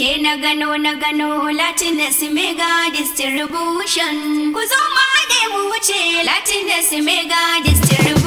Ke na gano na gano Latinus Mega Distribution. Ku zo ma wuce Latinus Mega Distribution.